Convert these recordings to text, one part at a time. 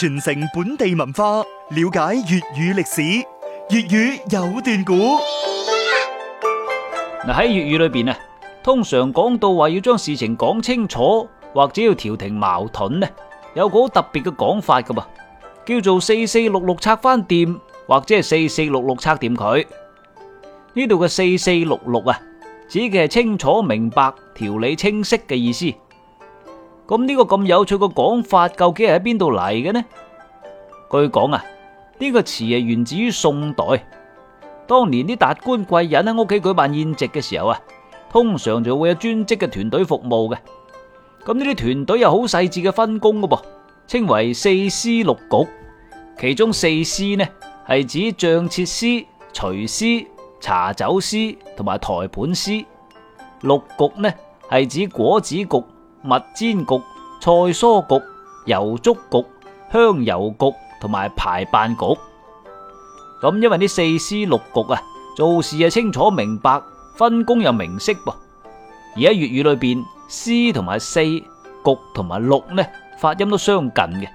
傳承本地文化，了解粵語歷史，粵語有段古。嗱喺粵語裏邊啊，通常講到話要將事情講清楚，或者要調停矛盾咧，有個好特別嘅講法㗎噃，叫做四四六六拆翻掂，或者係四四六六拆掂佢。呢度嘅四四六六啊，指嘅係清楚明白、條理清晰嘅意思。咁呢個咁有趣嘅講法，究竟係喺邊度嚟嘅呢？據講啊，呢、呢個詞係源自於宋代，當年啲達官貴人喺屋企舉辦宴席嘅時候啊，通常就會有專職嘅團隊服務嘅。咁呢啲團隊有好細致嘅分工嘅噃，稱為四司六局。其中四司呢係指賬設司、廚司、茶酒司同埋台盤司，六局呢係指果子局。蜜煎局、菜蔬局、油燭局、香藥局同埋排辦局，咁因為呢四司六局啊，做事係清楚明白，分工又明晰噃。而喺粵語裏邊，司同埋四、局同埋六呢，發音都相近嘅，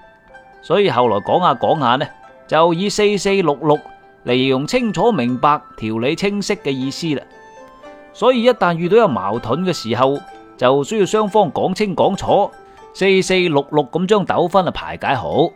所以後來講下講下呢，就以四四六六嚟形容，清楚明白、條理清晰嘅意思啦。所以一旦遇到有矛盾嘅時候，就需要雙方講清講楚，四四六六咁將糾紛啊排解好。